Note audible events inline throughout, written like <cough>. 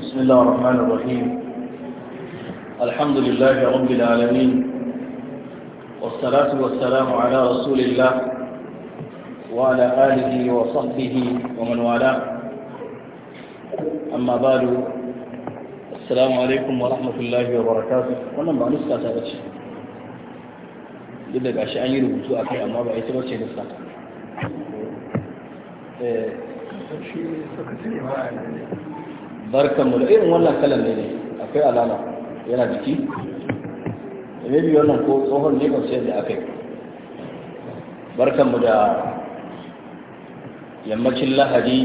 بسم الله الرحمن الرحيم الحمد لله رب العالمين والصلاة والسلام على رسول الله وعلى آله وصحبه ومن والاه أما بعد السلام عليكم ورحمة الله وبركاته wannan ba nuska ta bace duk da gashi an yi rubutu a kai amma ba ita bace nuska ta eh shi suka ce ba barkanmu da irin wannan kalan ne ne akwai alama yana jiki da biyu wannan ko tsohon ne kan sayar da aka yi barkanmu da yammacin lahadi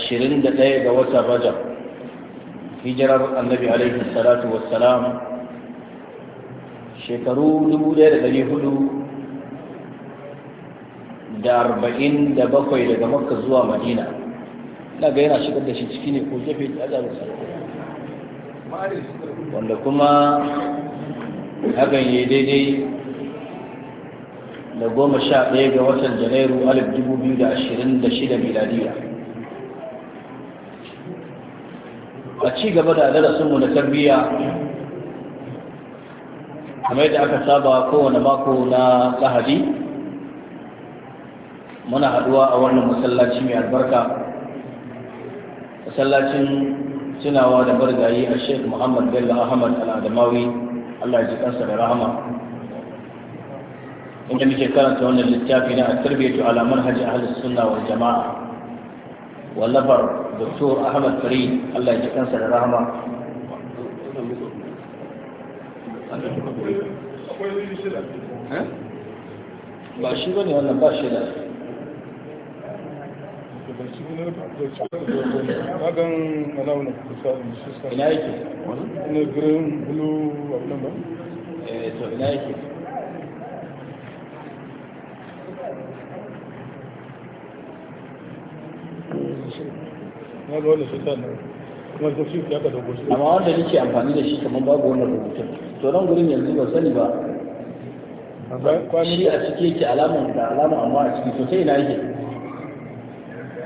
21 ga wata rajab hijirar annabi alaihi salatu wassalam shekaru 1400 da arba'in da bakwai daga makka zuwa madina na ga yana shigar da shi ciki ne ko gefe da azabar wanda kuma hakan yi daidai da goma sha ɗaya ga watan janairu alif dubu biyu da ashirin da shida miladiya a ci gaba da darasinmu na tarbiyya kamar yadda aka saba kowane mako na lahadi muna haduwa a wannan masallaci mai albarka Sallacin tunawa da bargayi a sheikh muhammad bello ahmad al'adamawi allah ji kansa da rahama inda muke karanta wannan littafi na tarbiyyatu ala manhaji ahli sunna wal jama'a wallafar doktor ahmad fari allah ji kansa da rahama ba shi ba ne wannan ba shi da magan alawun kusa da ina yake ina green blue wannan ba eh to ina yake na ga kuma da shi ya kada amma wanda nake amfani da shi kamar babu wannan rubutun to nan gurin yanzu ba sani ba shi a cike yake alaman da alama amma a ciki to sai ina yake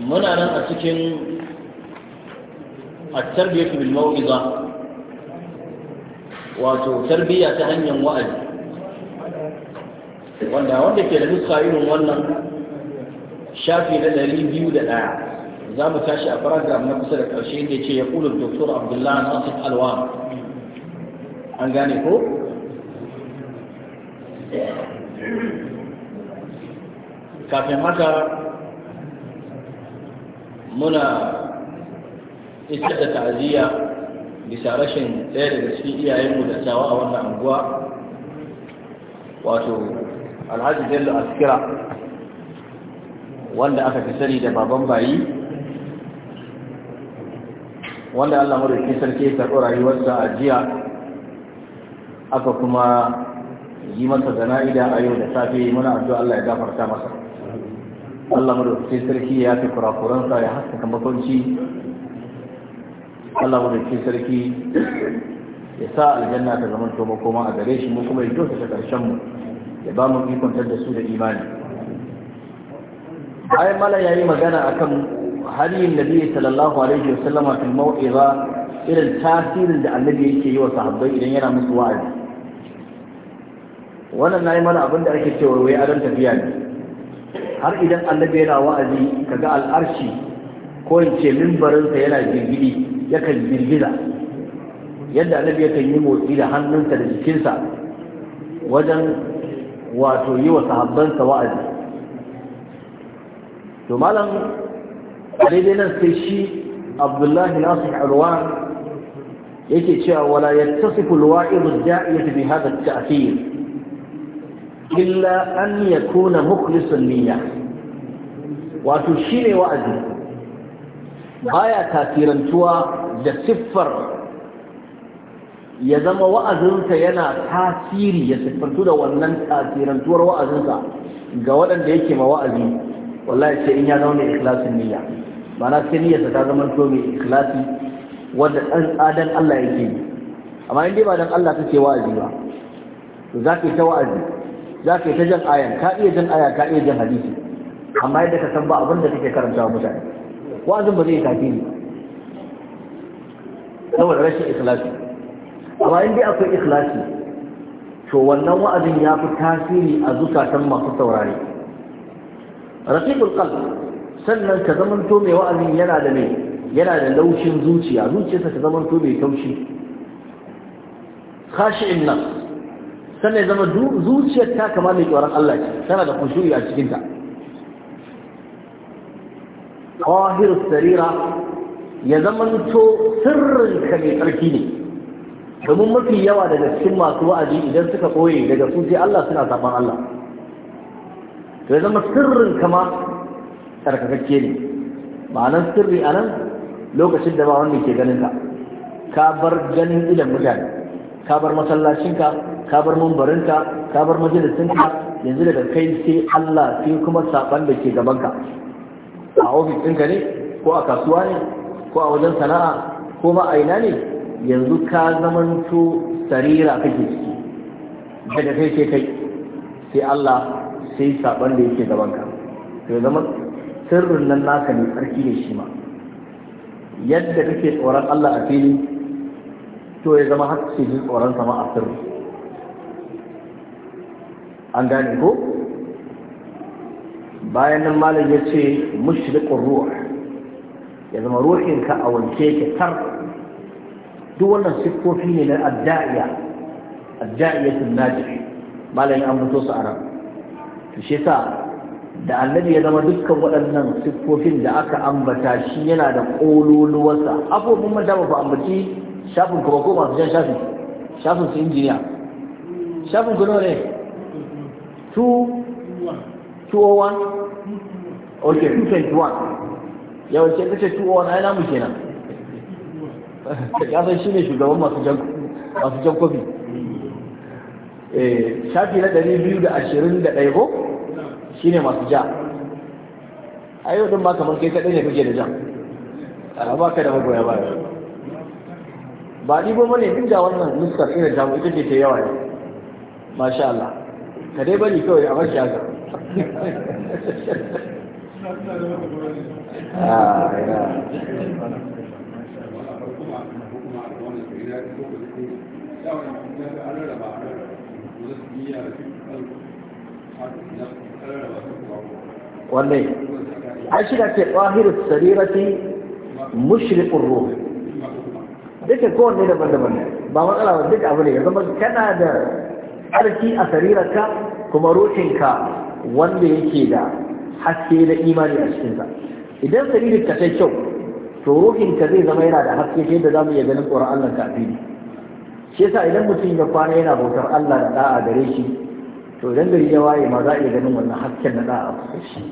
muna nan a cikin at-tarbiyatu bil wato tarbiyya ta hanyar wa'azi wanda wanda ke da nuska irin wannan shafi na ɗari biyu da ɗaya za mu tashi a paragraf na kusa da ƙarshe da ce ya kula doktor abdullahi nasir alwa an gane ko kafin haka muna ita da ta'aziyya bisa rashin ɗaya daga cikin iyayenmu da tawa a wannan anguwa wato alhaji bello askira wanda aka fi sani da baban bayi wanda allah madaukin sarki ya karɓi rayuwarsa a jiya aka kuma yi masa zana'ida a yau da safe muna addu'a allah ya gafarta masa Allah madaukakin sarki ya fi kurakuransa ya haskaka makwanci Allah madaukakin sarki ya sa aljanna ta zama to makoma a gare shi mu kuma ya dosa ta karshen mu ya ba mu ikontar da su da imani bayan mala yayi magana akan halin nabi sallallahu alaihi wasallama fil mau'iza irin tasirin da annabi yake yi wa sahabbai idan yana musu wa'azi wannan nayi mana abin da ake cewa wai adon tafiya ne har idan annabi yana wa'azi kaga al'arshi ko in ce mimbarinsa yana girgiri yakan girgiza yadda annabi yakan yi motsi da hannunsa da jikinsa wajen wato yi wa sahabbansa wa'azi to malam daidai nan sai shi abdullahi nasir alwan yake cewa wala yattasifu alwa'id ad bi hadha at-ta'thir illa an yakuna mukhlisan niyya wato shine wa'azi baya tasirantuwa da siffar ya zama wa'azinsa yana tasiri ya siffantu da wannan tasirantuwar wa'azinsa ga waɗanda yake ma wa'azi wallahi sai in ya zama mai ikhlasin niyya ma'ana sai niyyarsa ta zama to mai ikhlasi wanda ɗan tsadan Allah yake yi amma in dai ba dan Allah kake wa'azi ba to za yi ta wa'azi za ka yi ta jan ayan ka iya jan aya ka iya jan hadisi amma yadda ka san ba abin da kake karanta mutane wazin ba zai tafi ne saboda rashin ikhlasi amma in dai akwai ikhlasi to wannan wa'azin ya fi tasiri a zukatan masu taurari. rafiqul qalb sannan ka zamanto mai wa'azin yana da mai yana da laushin zuciya zuciyarsa ta zamanto mai taushi khashi'in nafs sannan zama zuciyar ta kama mai tsoron Allah ce tana da kushuri a cikinta qahir sarira ya zama to sirrin ka mai tsarki ne domin mafi yawa daga cikin masu wa'azi idan suka koye daga su sai Allah suna zaban Allah to ya zama sirrin kama tsarkakakke ne ma'anar sirri a nan lokacin da ba wanda ke ganin ka ka bar ganin idan mutane ka bar masallacinka ka bar mambarinka ka bar majalisinka yanzu daga kai sai Allah sai kuma saban da ke gabanka a ofis ɗinka ne ko a kasuwa ne ko a wajen sana'a ko ma a ina ne yanzu ka zamanto sarira kake ciki daga kai sai kai sai Allah sai saban da yake gabanka to zama sirrin nan naka ne tsarki ne shi ma yadda kake tsoron Allah a fili to ya zama har sai tsoron sama a sirri an gane ko bayan nan malam ya ce mushriqur ruh ya zama ruhin ka a wanke ke tar duk wannan siffofi ne na adda'iya adda'iyatun naji malam ya ambato su arab to shi yasa da annabi ya zama dukkan waɗannan siffofin da aka ambata shi yana da ƙololuwarsa abubuwan mata ba ku ambaci shafin kuma ko masu jan shafin shafin su injiniya shafin ku ne 201 ok 221 201 namu kenan ya <laughs> shi ne shugaban masu jan kofi eh, shafi na 221 shi ne masu ja a ba kamar kai kaɗai ne da jan ba ka da magoya ba ba duk da wannan nuskar ina jamu ita ce ta yawa ne masha Allah ka dai bari kawai a bashi haka wannan an shiga ce ƙwahirar sarirati mushrikun ruhu duka kowanne daban-daban ba matsala ba duk abu ne ya zama kana da tsarki a sarirarka kuma ruhinka wanda yake da haske da imani a cikinsa idan sarirarka ta kyau to ruhinka zai zama yana da haske ta yadda za mu iya ganin tsoron Allah ka fili shi yasa idan mutum ya kwana yana bautar Allah da da'a gare shi to idan gari ya waye ma za a iya ganin wannan hasken na da'a a shi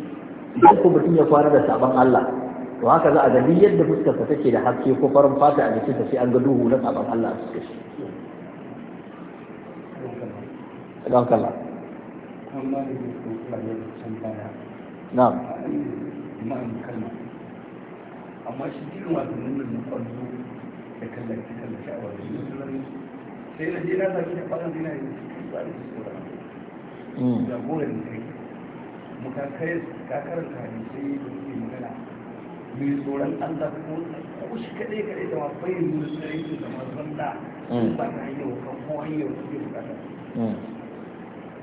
idan ko mutum ya kwana da sabon Allah to haka za a ga yadda fuskarsa take da haske ko farin fata a jikinsa sai an ga duhu na sabon Allah a fuskar shi ɗaukala na'am amma shi irin wasannin nan na kwallo da kallaci kallaci a wasannin zurari sai na je na zafi da kwanan zina yin cikin tsari su tsora mm. jagoran kai muka kai kakarar kare sai da ke magana mai tsoron an zafi ko shi kaɗai kaɗai da mafayin musulunci da mazan da mm. ba ta hanyar kan ko hanyar su bukata mm.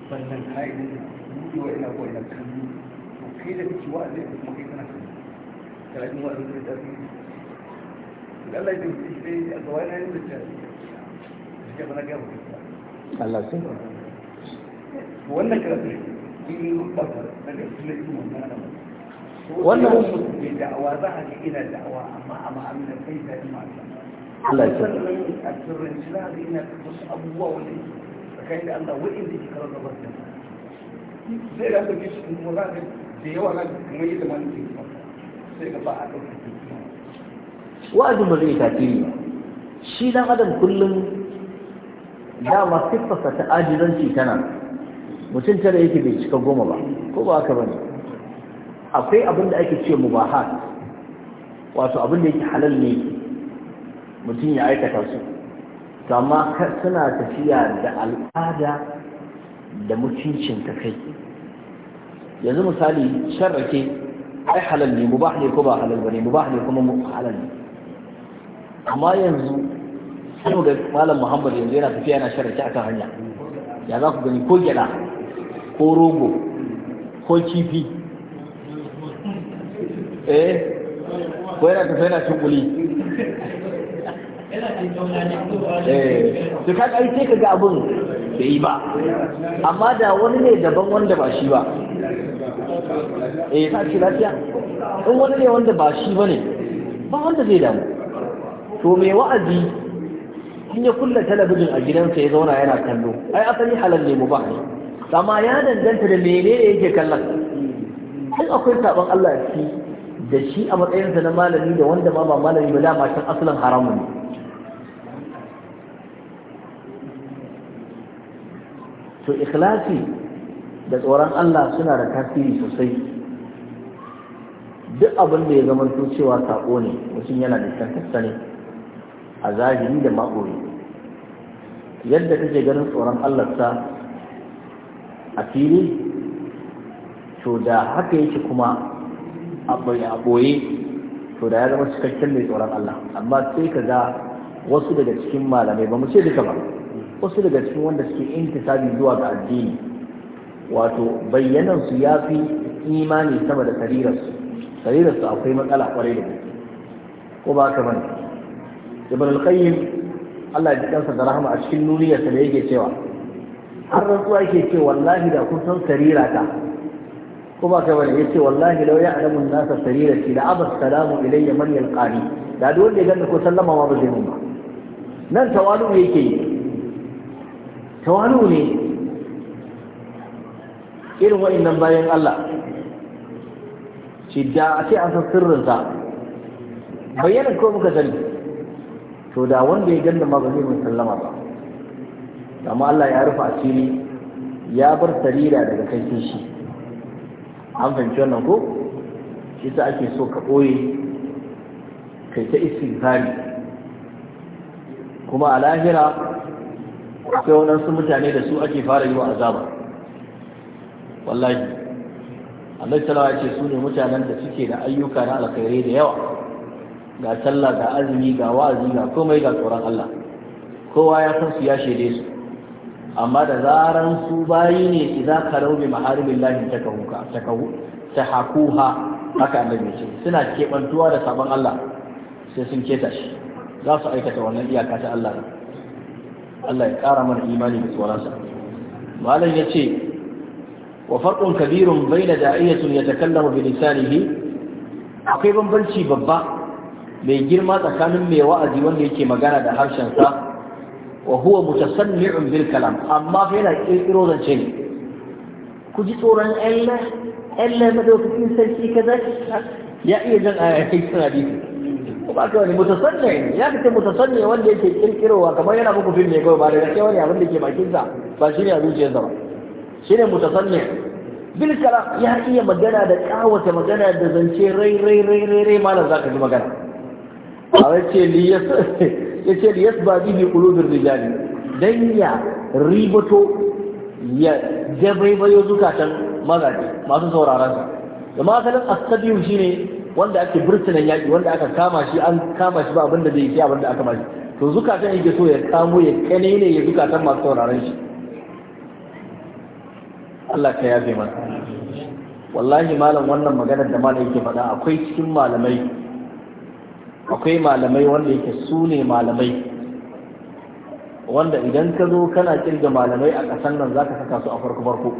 sannan haɗin buɗe wa ina kuwa ina kallo to kai da kake wa zai kuma kai kana kallo karatun wa zai da zai da Allah ya zai sai a gaba yana yin da ta suke bana gaba Allah sai wannan karatun in rufa na ga sunan yi wannan ana wannan wasu mai da'awa za a ga ina da'awa amma a ma'amina kai da ima Allah ya sai a turanci za a ga ina wasu abubuwa wanda kai da Allah wa'in da ke karar da barkin sai da ɗauke shi kuma za ka da yawa na kuma yi da mani ke kuma sai ka ba a ɗauke wa'azin ba zai tafi shi dan adam kullum dama siffarsa ta ajizanci tana mutum tare yake bai cika goma ba ko ba haka bane akwai abin da ake ce mu mubahat wato abin da yake halal ne mutum ya aikata su to amma suna tafiya da al'ada da mutuncin ta kai yanzu misali sharrake, ai halal ne mubah ne ko ba halal bane mubah ne kuma halal ne amma yanzu sai ga malam Muhammad yanzu yana tafiya yana sharrake akan hanya ya za ku gani ko gyada ko rogo ko kifi eh ko yana tafiya yana cin su ka ƙarfe ka ga abin da yi ba amma da wani ne daban wanda ba shi ba eh ta ce lafiya in wani ne wanda ba shi ba ne ba wanda zai damu to mai wa'azi in ya kulla talabijin a gidansa ya zauna yana kallo ai asali halal ne mu ba ne amma ya danganta da menene yake kallon in akwai sabon Allah ya ci da shi a matsayinsa na malami da wanda ma ba malami ba dama can asalin haramun ne to ikhlasi da tsoron Allah suna da tasiri sosai duk abin da ya zama cewa sako ne mutum yana da kankansa ne a zahiri da maƙori yadda kake ganin tsoron Allah ta a fili to da haka yake kuma a ɓoye to da ya zama cikakken mai tsoron Allah amma sai ka ga wasu daga cikin malamai ba mu ce duka ba wasu daga cikin wanda suke intisabi zuwa ga addini wato bayyanan su ya fi imani sama da sarirarsu sarirarsu akwai matsala kwarai da gaske ko ba ka bane ibn al-qayyim Allah ya kansa da rahama a cikin nuniyarsa da yake cewa har rantsuwa yake ce wallahi da kun san sarira ta. ko ba ka bane yace wallahi law ya'lamu an-nasa sarirati la abas salamu ilayya man yalqani da duk wanda ya ganna ko sallama ma ba zai mun ba nan tawalu yake yi tawalu ne irin waɗannan bayan Allah shi da a ce an san sirrinsa bayyana ko muka sani to da wanda ya ganda ma ba zai mun sallama ba amma Allah ya rufe asiri ya bar sarira daga kai shi an fahimci wannan ko shi ta ake so ka ɓoye kai ta istighfari kuma a lahira akwai waɗansu mutane da su ake fara yi wa azaba wallahi Allah talawa ce su ne mutanen da suke da ayyuka na alkhairai da yawa ga sallah ga azumi ga wa'azi ga komai ga tsoron Allah kowa ya san su ya shaide su amma da zaran su bayi ne idza karau bi maharibillahi takahuka ta hakuha haka annabi ce suna kebantuwa da sabon Allah sai sun keta shi za su aikata wannan iyaka ta Allah ne Allah ya ƙara mana imani da tsoronsa malam ya ce wa farkon kabirun bai da da'ayyatun ya takallama bi lisanihi akwai bambanci babba mai girma tsakanin mai wa'azi wanda yake magana da harshensa wa huwa mutasanni'un bil kalam amma fa yana kirkiro zance ne ku ji tsoron Allah Allah madaukakin sarki kaza ya iya jan ayatai sun ko ba ka wani mutasanne ne ya kace mutasanne wanda yake kirkirowa kamar yana muku fim ne kawai ba da gaske wani abin da ke bakin sa ba shine a zuciyarsa ba shine mutasanne bil kalam ya iya magana da kawata magana da zance rai rai rai rai rai malam zaka ji magana a wace li yas yace li yasba bi qulubir rijali dan ya ribato ya jabaibayo zukatan mazaje masu sauraron sa da maganin shi shine wanda ake burtunan yaƙi wanda aka kama shi an kama shi ba abin da zai yi abin da aka mashi to zukatan yake so ya kamo ya kane ne ya zukatan masu sauraron shi Allah ka yafe mana wallahi malam wannan maganar da malam yake faɗa akwai cikin malamai akwai malamai wanda yake su ne malamai wanda idan ka zo kana kirga malamai a ƙasan nan za ka saka su a farko farko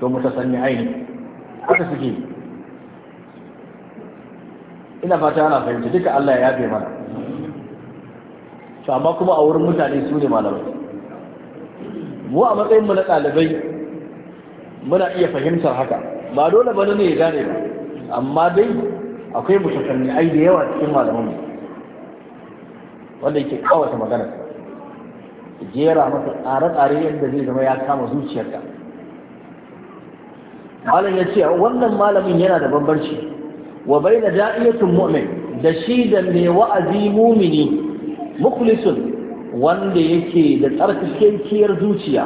to mu ta aini haka suke ina fata ana fahimta duka Allah ya yabe mana to amma kuma a wurin mutane su ne malamai mu a matsayin mu na ɗalibai muna iya fahimtar haka ba dole ba ne ya gane ba amma dai akwai mutakanni ai da yawa cikin malamai, wanda yake kawata magana jera masa tsare-tsare yadda zai zama ya kama zuciyarka malam ya ce wannan malamin yana da bambanci wa bai baina da'iyatul mu'min da shi da mai wa'azi mumini mukhlisun wanda yake da tsarkakekiyar zuciya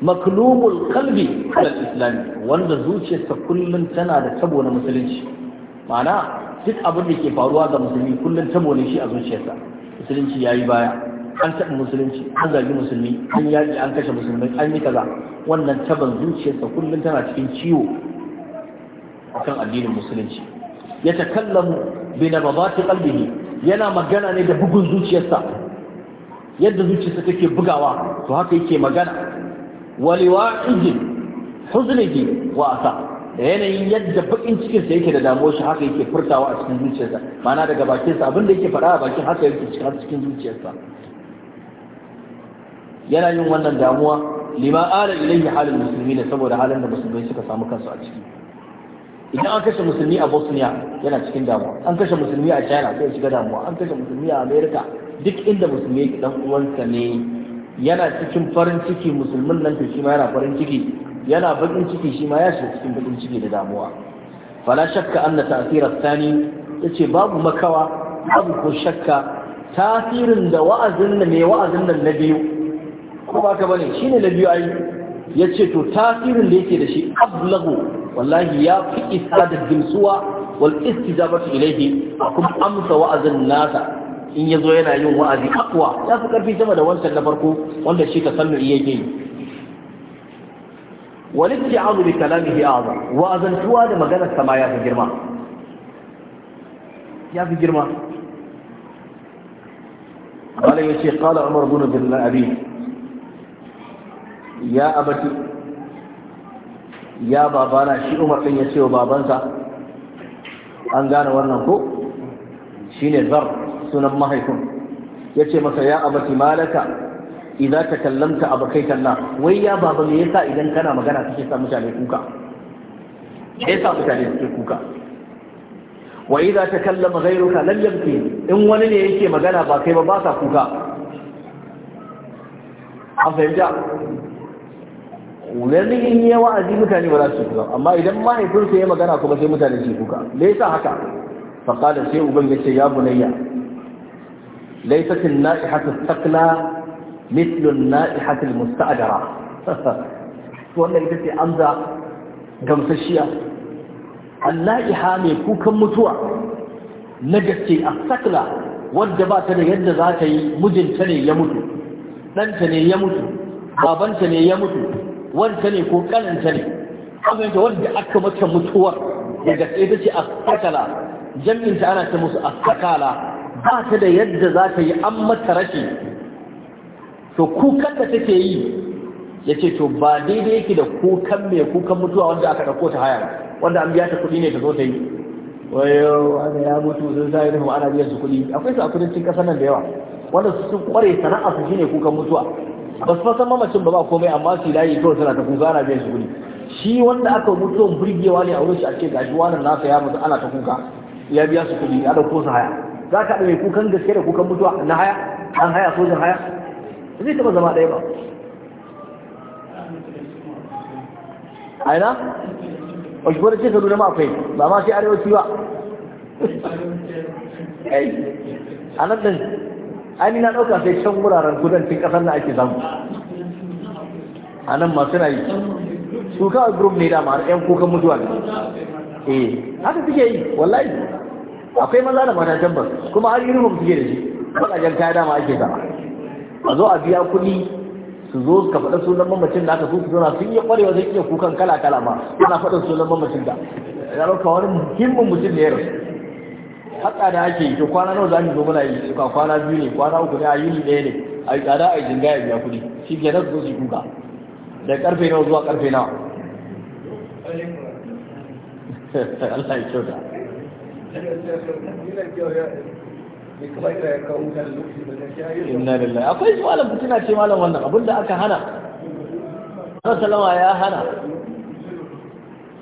maklubul kalbi kala islami wanda zuciyarsa kullum tana da tabo na musulunci ma'ana duk abin da ke faruwa ga musulmi kullum tabo ne shi a zuciyarsa musulunci ya yi baya an taɓa musulunci an zagi musulmi an yaƙi an kashe musulmi, an yi kaza wannan taban zuciyarsa kullum tana cikin ciwo akan addinin musulunci ya takallamu bi nabadati qalbihi yana magana ne da bugun zuciyarsa yadda zuciyarsa take bugawa to haka yake magana waliwa'ihi huznihi wa asa da yanayin yadda bakin cikinsa yake da damuwar shi haka yake furtawa a cikin zuciyarsa ma'ana daga bakin abin da yake faɗa a bakin haka yake cikin zuciyarsa yana yin wannan damuwa lima ala ilayhi halin musulmi ne saboda halin da musulmai suka samu kansu a ciki idan an kashe musulmi a bosnia yana cikin damuwa an kashe musulmi a china sai shiga damuwa an kashe musulmi a america duk inda musulmi yake dan uwansa ne yana cikin farin ciki musulmin nan to shi ma yana farin ciki yana bakin ciki shi ma ya shiga cikin bakin ciki da damuwa fala shakka anna ta'sira thani yace babu makawa babu ko shakka tasirin da wa'azin nan ne wa'azin nan na biyu ko ba ka bane shine na biyu ai yace to tasirin da yake da shi ablagu wallahi ya fi isa da gamsuwa wal istijabatu ilayhi kuma amsa wa'azin nasa in yazo yana yin wa'azi akwa ya fi karfi sama da wancan na farko wanda shi ta tasannu yake yi wal isti'adu bi kalamihi a'zam wa'azan tuwa da maganar sama ya fi girma ya fi girma قال يا شيخ قال عمر بن عبد الله يا أبتي ya babana shi umar ɗin ya ce wa babansa an gane wannan ko shi ne zar sunan mahaifin ya ce masa ya abati malaka idan ka kallamta abu kai wai ya baba me yasa idan kana magana kake sa mutane kuka me yasa mutane suke kuka wa idza takallama ghayruka lam yabki in wani ne yake magana ba kai ba ba sa kuka an fahimta yanzu in yi wa'azi mutane ba za su kuka amma idan mahaifinsa ya magana kuma sai mutane su kuka me yasa haka faqala sai uban ya ce ya bunayya laysat an-na'ihatu taqla mithlu an-na'ihati al-musta'jara <laughs> wannan ita ce amza gamsashiya an-na'iha mai kukan mutuwa na gaske a sakla wadda ba ta da yadda za ta yi mijinta ne ya mutu ɗanta ne ya mutu babanta ne ya mutu wanta ne ko kananta ne abinda wanda aka mata mutuwar daga ta ce asakala ta ana ta musu asakala ba ta da yadda za ta yi an mata rashi to kukan da take yi ya ce to ba daidai yake da kukan mai kukan mutuwa wanda aka ɗauko ta haya wanda an biya ta kuɗi ne ta zo ta yi wayo wanda ya mutu sun sa irin ana biyan su kuɗi akwai su a kudancin ƙasa nan da yawa wanda su kware sana'a su shine kukan mutuwa ba su san mamacin ba ba komai amma su layi to suna ta kuka ana biyan su shi wanda aka mutuwan burgewa ne a wurin shi a ce gashi wannan nasa ya mutu ana ta kuka ya biya su kuɗi ya ɗauko su haya za ka ɗauke kukan gaske da kukan mutuwa na haya an haya sojan haya zai taɓa zama ɗaya ba aina a shi wadda ce kaduna ma akwai ba ma sai arewaci ba <laughs> a nan ainihin na ɗauka sai can wuraren kudancin ƙasar na ake samu a nan masu rayu su kawai group ne da ma'ar 'yan kukan mutuwa ne eh haka suke yi wallahi akwai maza da mata tabbas kuma har irin suke da shi kwanajen kaya dama ake sama a zo a biya kuɗi su zo ka faɗa sunan mamacin da aka su zona sun yi ƙwarewa zai iya kukan kala kala ma ana faɗa sunan mamacin da ya ɗauka wani muhimmin mutum ne ya rasu haƙa da ake yi to kwana nawa za mu zo muna yi ka kwana biyu ne kwana uku ne a yini ɗaya ne a yi tsada a yi jinga ya biya kuɗi shi ke nan zo su kuka da karfe nawa zuwa karfe nawa <laughs> Allah ya kyauta inna lillahi akwai su malam fitina ce malam wannan abinda aka hana sallallahu ya hana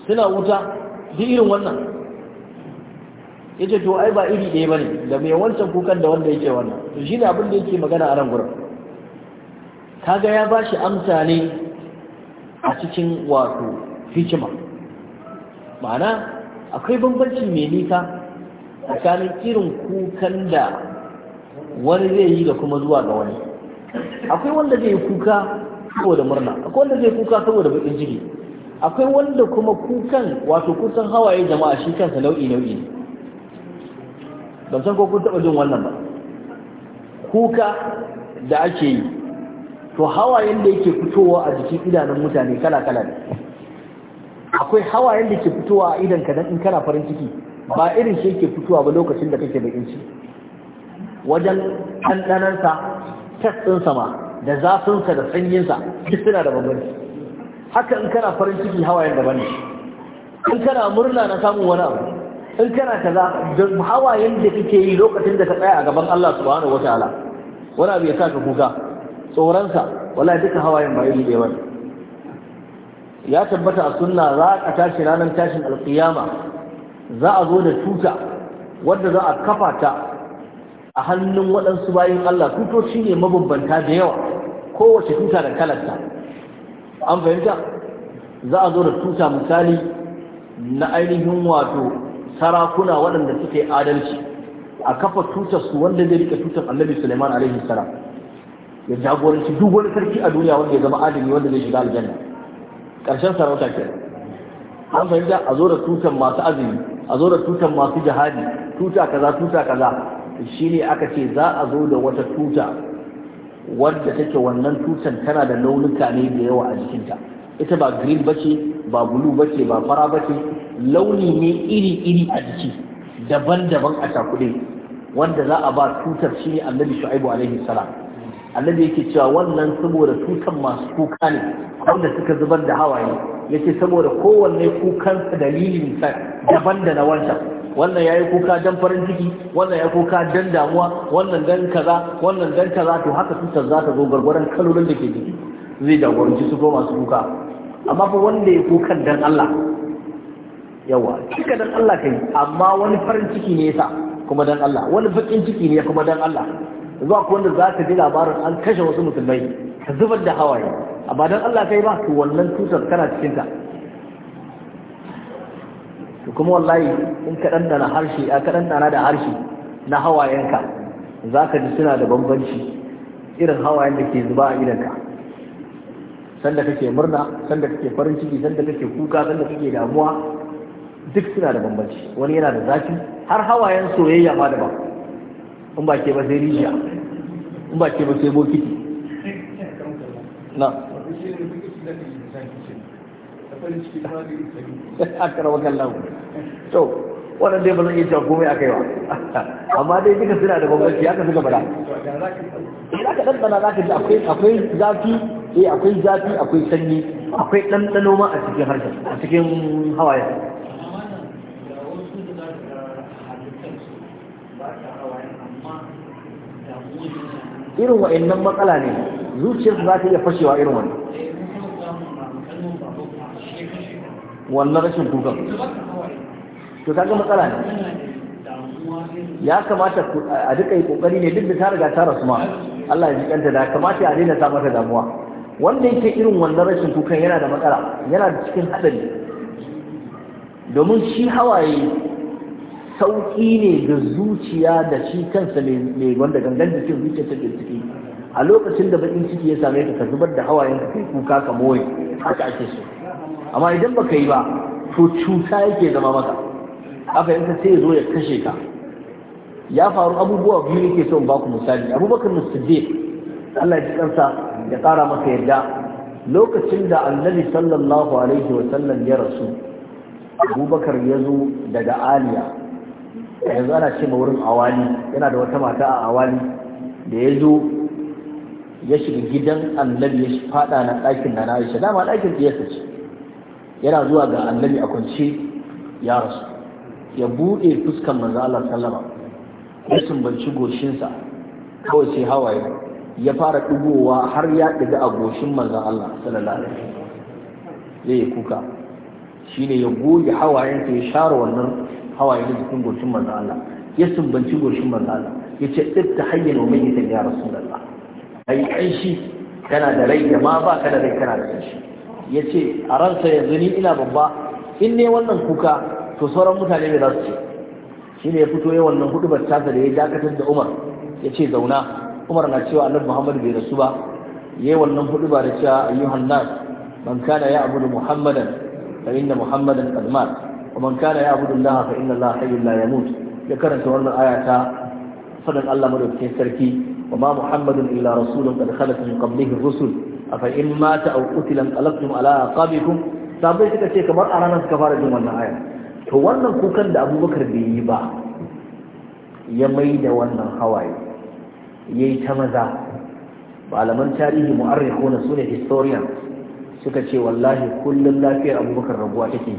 suna wuta duk irin wannan ya ce to ai ba iri ɗaya ba ne da mai wancan kukan da wanda yake wannan to shi ne abin da yake magana a nan gurin kaga ya ba shi amsa ne a cikin wato hikima ma'ana akwai bambanci mai nisa tsakanin irin kukan da wani zai yi da kuma zuwa ga wani akwai wanda zai yi kuka saboda murna akwai wanda zai kuka saboda bakin ciki akwai wanda kuma kukan wato kusan hawaye jama'a shi kansa nau'i nau'i ne ban san ko kun taɓa jin wannan ba kuka da ake yi to hawayen da yake fitowa a jikin idanun mutane kala-kala ne akwai hawayen da ke fitowa a idan kadan in kana farin ciki ba irin shi yake fitowa ba lokacin da kake bakin ciki wajen ɗanɗanansa tattinsa ma da zafinsa da sanyinsa duk suna da bambanci haka in kana farin ciki hawayen daban ne in kana murna na samun wani abu in kana kaza da hawayen da kake yi lokacin da ka tsaya a gaban Allah subhanahu wataala wani abu ya saka kuka tsoronsa wallahi duka hawayen ba iri da bane ya tabbata a sunna za a tashi ranar tashin alqiyama za a zo da tuta wadda za a kafa ta a hannun waɗansu bayin Allah tutoci ne mabambanta da yawa kowace tuta da kalarta an fahimta za a zo da tuta misali na ainihin wato sarakuna waɗanda yi adalci a kafa tutar su wanda zai rike tutar annabi Sulaiman alaihi salam ya jagoranci duk wani sarki a duniya wanda ya zama adami wanda zai shiga aljanna ƙarshen sarauta ke an fahimta a zo da tutar masu azumi a zo da tutar masu jihadi tuta kaza tuta kaza shi ne aka ce za a zo da wata tuta wadda take wannan tutan tana da launuka ne da yawa a jikinta ita ba green bace ba blue bace ba fara bace launi ne iri-iri a jiki daban-daban a cakuɗe wanda za a ba tutar shi ne annabi shu'aibu alaihi salam annabi yake cewa wannan saboda tutar masu kuka ne wanda suka zubar da hawaye yace saboda kowanne kukansa dalilin sa daban da na wancan wannan yayi kuka dan farin ciki wannan yayi kuka dan damuwa wannan dan kaza wannan dan kaza to haka tutar za ta zo gargwaran kalolin da ke jiki zai jagoranci su ko masu kuka amma fa wanda ya kukan dan Allah yawa duka dan Allah kai amma wani farin ciki ne yasa kuma dan Allah wani bakin ciki ne kuma dan Allah zuwa ko wanda za ka ji labarin an kashe wasu musulmai ka zubar da hawaye amma dan Allah kai ba to wannan tutar kana cikin ta to kuma wallahi in ka dandana harshe a ka dandana da harshe na hawayenka za ka ji suna da bambanci irin hawayen da ke zuba a idanka sanda kake murna sanda kake farin ciki sanda kake kuka sanda kake damuwa duk suna da bambanci wani yana da zafi har hawayen soyayya ma daban in ba ke ba sai rijiya in ba ke ba sai bokiti na <laughs> akar wakan lagu to wannan dai ba zan iya cewa komai akai ba <laughs> amma dai duka suna da bambanci haka suka bada. Ina ka dan za ka ji akwai zafi eh akwai zafi akwai sanyi akwai dano ma a cikin harshen a cikin hawayen irin wa'annan matsala ne zuciyar za ta iya fashewa irin wani. wannan rashin kukan to kaga matsala ne ya kamata a duka yi kokari ne duk da ta riga ta rasu ma Allah ya jikanta da kamata ya daina ta mata damuwa wanda yake irin wannan rashin kukan yana da matsala yana da cikin hadari domin shi hawaye sauƙi ne ga zuciya da shi kansa mai wanda gangan cikin zuciya ta ciki a lokacin da baɗin ciki ya same ka ka zubar da hawayen ka kai kuka ka moye haka ake so amma idan baka yi ba to cuta yake zama maka haka yanka sai ya zo ya kashe ka ya faru abubuwa biyu yake son ba ku misali abubakar musiddiq Allah ya kansa ya ƙara masa yarda lokacin da annabi sallallahu alaihi wa sallam ya rasu abubakar ya zo daga aliya yanzu ana ce ma wurin awali yana da wata mata a awali da ya zo ya shiga gidan annabi ya fada na ɗakin na na aisha dama ɗakin ɗiyarsa ce yana zuwa ga annabi a kwance ya rasu ya buɗe fuskan manzo Allah sallama ya sumbanci goshinsa kawai sai hawaye ya fara ɗigowa har ya ɗiga a goshin manzo Allah sallallahu alaihi wasallam zai yi kuka shine ya goge hawayensa ya share wannan hawaye da jikin goshin manzo Allah ya sumbanci goshin manzo Allah ya ce duk ta hayyana wa mai ya rasulullah ai kanshi kana da rai da ma ba ka da rai kana da kanshi ya ce a ransa yanzu ni ina babba in ne wannan kuka to sauran mutane ne za su ce shi ne ya fito ya wannan hudubar tasa da ya dakatar da umar ya ce zauna umar na cewa annabi muhammad bai rasu ba ya yi wannan hudubar da cewa ayyuhan nas man kana ya abudu muhammadan fa inna muhammadan qad ومن كان يعبد الله فإن الله حي لا يموت يكرن تورنا آية فدن الله مدوكين سركي وما محمد إلا رسول قد خلت من قبله الرسل أفإن مات أو قتل انقلبتم على أعقابكم sabai suka ce kamar a ranar suka fara jin wannan aya to wannan kukan da abubakar bai yi ba ya mai da wannan hawaye ya ta maza malaman tarihi mu'arrikhuna sune historian suka ce wallahi kullum lafiyar abubakar rabuwa take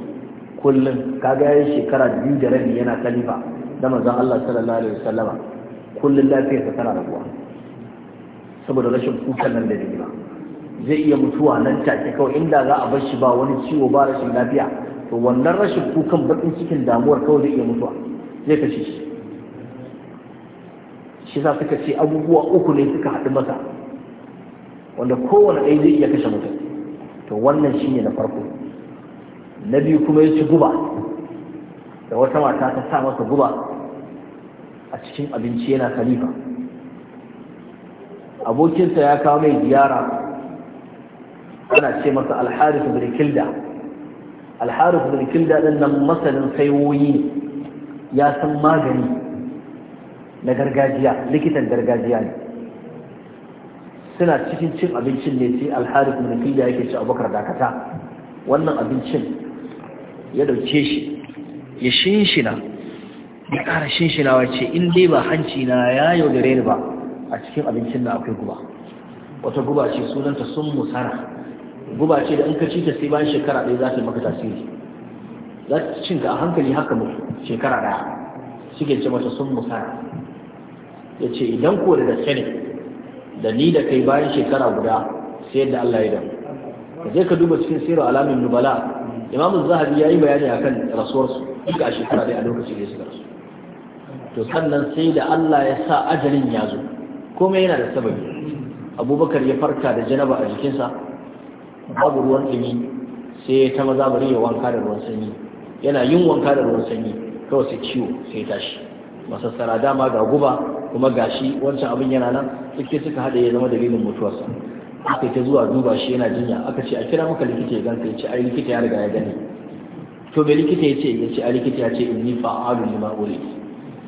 kullum kaga yayin shekara biyu da rabi yana khalifa da manzon Allah sallallahu alaihi wasallama kullum lafiyarsa tana raguwa saboda rashin kukan nan da jima zai iya mutuwa nan take kawai inda za a bar shi ba wani ciwo ba rashin lafiya to wannan rashin kukan bakin cikin damuwar kawai zai iya mutuwa zai kashe shi shi za suka ce abubuwa uku ne suka haɗu masa wanda kowane ɗaya zai iya kashe mutum to wannan shine na farko na biyu kuma ya ci guba da wata mata ta sa masa guba a cikin abinci yana khalifa abokinsa ya kawo mai ziyara ana ce masa alharif bin kilda alharif bin kilda din nan masanin saiwoyi ya san magani na gargajiya likitan gargajiya ne suna cikin cin abincin ne sai alharif bin kilda yake ci abokar dakata wannan abincin ya dauke shi ya shinshina ya kara shinshinawa ce in dai ba hanci na ya yaudare ni ba a cikin abincin da akwai guba wata guba ce sunanta sun musara guba ce da in ka ci ta sai bayan shekara ɗaya za ta maka tasiri za ta cin ka a hankali haka mu shekara ɗaya Cikin ce mata sun musara ya ce idan ko da gaske ne da ni da kai bayan shekara guda sai yadda Allah ya damu ka je ka duba cikin sirar alamin nubala imam zahabi ya yi bayani akan rasuwarsu duk a shekara dai a lokacin da suka rasu to sannan sai da Allah ya sa ajalin ya zo komai yana da sababi abubakar ya farka da janaba a jikinsa babu ruwan ɗumi sai ya ta maza bari ya wanka da ruwan sanyi yana yin wanka da ruwan sanyi kawai sai ciwo sai tashi masassara dama ga guba kuma gashi wancan abin yana nan suke suka haɗa ya zama dalilin mutuwarsa aka ta zuwa duba shi yana jinya aka ce a kira maka likita ya ganka ya ce ai likita ya riga ya gani to me likita ya ce ya ce ai likita ya ce fa fa'alu lima urid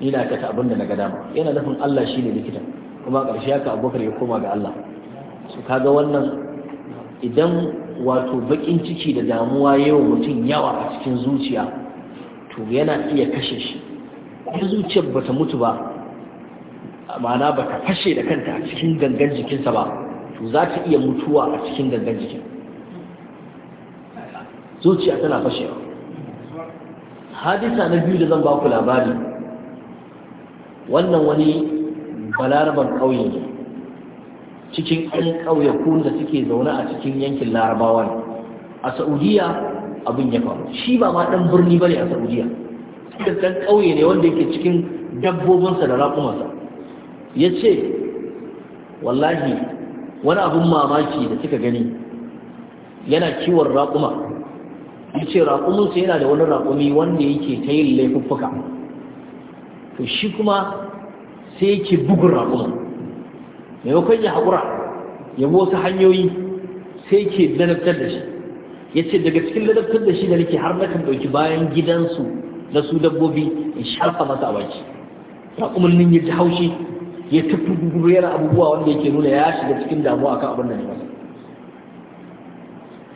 ni na kata abinda na ga dama yana nufin Allah shine likita kuma ƙarshe haka Abubakar ya koma ga Allah su ga wannan idan wato bakin ciki da damuwa yawa mutum yawa a cikin zuciya to yana iya kashe shi Kuma zuciyar bata mutu ba ma'ana baka fashe da kanta a cikin gangan jikinsa ba to za ta iya mutuwa a cikin gangan jikin zuciya tana fashewa hadisa na biyu da zan ba ku labari wannan wani balaraban ƙauye ne cikin ƴan kun da suke zaune a cikin yankin larabawa ne a saudiya abin ya faru shi ba ma ɗan birni ba ne a saudiya ɗan ƙauye ne wanda yake cikin dabbobinsa da raƙumarsa ya ce wallahi wani abin mamaki da suka gani yana kiwon raƙuma ya ce raƙuminsa yana da wani raƙumi wanda yake ta yin laifuffuka to shi kuma sai yake bugun raƙuma maimakon ya haƙura ya bi wasu hanyoyi sai yake ladabtar da shi ya ce daga cikin ladabtar da shi da nake har nakan ɗauki bayan gidansu na su dabbobi in shafa masa a baki raƙumin nin ya ji haushi ya tuttudu yana abubuwa wanda yake nuna ya shiga cikin damuwa kan abin da ne masa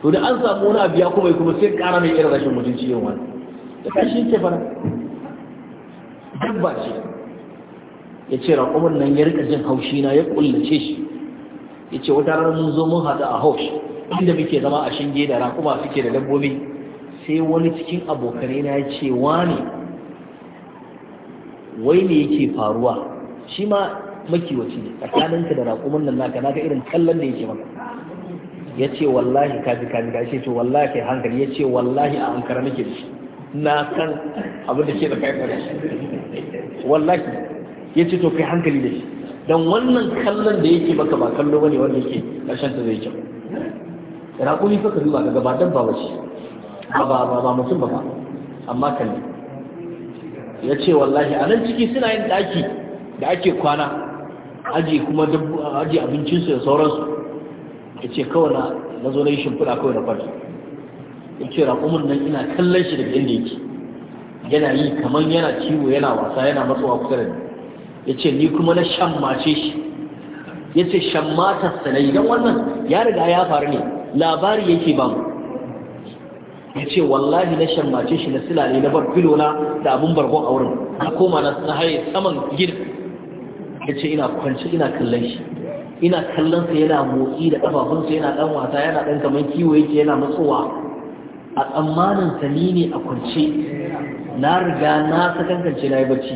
to da an samu wani abu ya kuma kuma sai ƙara mai irin rashin mutunci yin wani da kashi ke fara dabba ce ya ce raƙumin nan ya riƙa jin haushi na ya kullace shi ya ce wata ranar mun zo mun haɗu a haushi inda muke zama a shinge da raƙuma suke da dabbobi sai wani cikin abokanai na ya ce wani wai ne yake faruwa shi ma makiwaci ne tsakaninka da raƙumin nan naka naka irin kallon da yake maka ya ce wallahi ka ji kaji to wallahi hankali ya ce wallahi a hankara nake da shi na san abin da ke da kai kare wallahi ya ce to kai hankali da shi don wannan kallon da yake maka ba kallo bane wanda yake karshen ta zai kyau raƙumi fa ka duba ga ba dabba ba ce ba ba ba mutum ba ba amma kalli ya ce wallahi a nan ciki suna yin ɗaki da ake kwana aji kuma aji su da sauransu ya ce kawai na zo na yi shimfiɗa kawai na farko ya ce raƙumin nan ina kallon shi daga inda yake yana yi kamar yana ciwo yana wasa yana matsowa kusa da ni ya ce ni kuma na shammace shi ya ce sanai na wannan ya riga ya faru ne labari yake ba mu ya ce wallahi na shammace shi na silale na bar filona da abin barkon a wurin na koma na haye saman gidan ya ce ina kwance ina kallon shi ina kallon sa yana motsi da kafafunsa yana dan wasa yana dan kaman kiwo yake yana matsowa a tsammanin sa ni ne a kwance na riga na kankance na yi bacci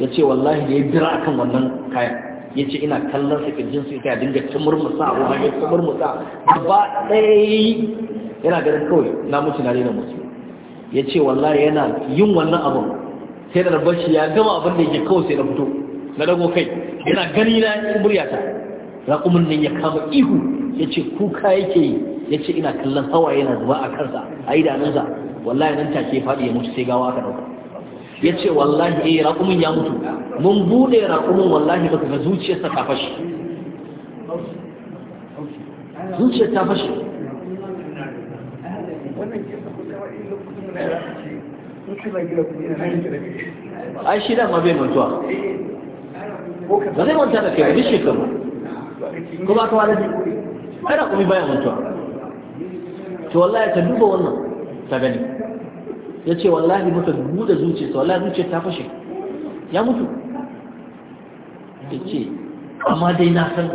ya ce wallahi da ya bira akan wannan kayan ya ce ina kallon sa kirjin su ya dinga ta murmusa a wani ya ta musa ba ɗaya yana ganin kawai na mutu na rena mutu ya ce wallahi yana yin wannan abun sai da na bashi ya gama abin da yake kawai sai na fito na dago kai yana gani na ya muryata raƙumin nan ya kama ihu ya ce kuka yake yi ya ce ina kallon hawa yana zuba a kansa a idanunsa wallahi nan take faɗi ya mutu sai gawa aka ɗauka ya ce wallahi eh raƙumin ya mutu mun buɗe raƙumin wallahi ba ga zuciyarsa ta fashe zuciyar ta fashe ai shi dama bai mantuwa ba zai manta da kai ba duk shekaru ko ba ka wani kada kuma baya mantuwa to wallahi ta duba wannan ta gani ya ce wallahi muka buɗe zuciyarsa wallahi zuciyar ta fashe ya mutu ya ce amma dai na san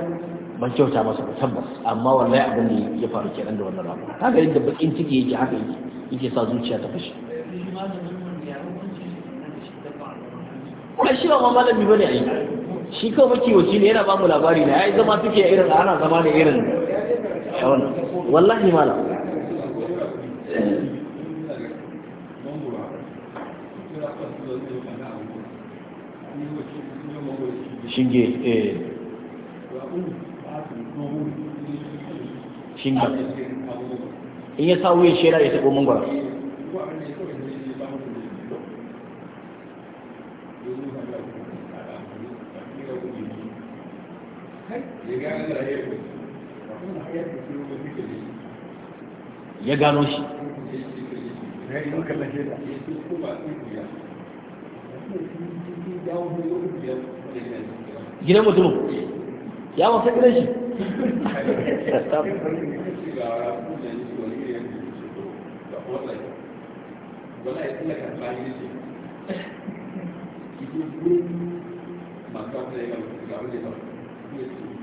ban kyauta masa ba tabbas amma wallahi abin da ya faru kenan da wannan rabu kaga da bakin ciki yake haka yake yake sa zuciya ta fashe kuma shi ba ne a yi shi kawai shi ne yana ba mu labari na ya zama suke irin ana zama ne irin wallahi mala shinge eh shinge in ya sa wuyan shera ya taɓo mangwara ya gano shi gidan mutum ya shi wala ya ki da ga ya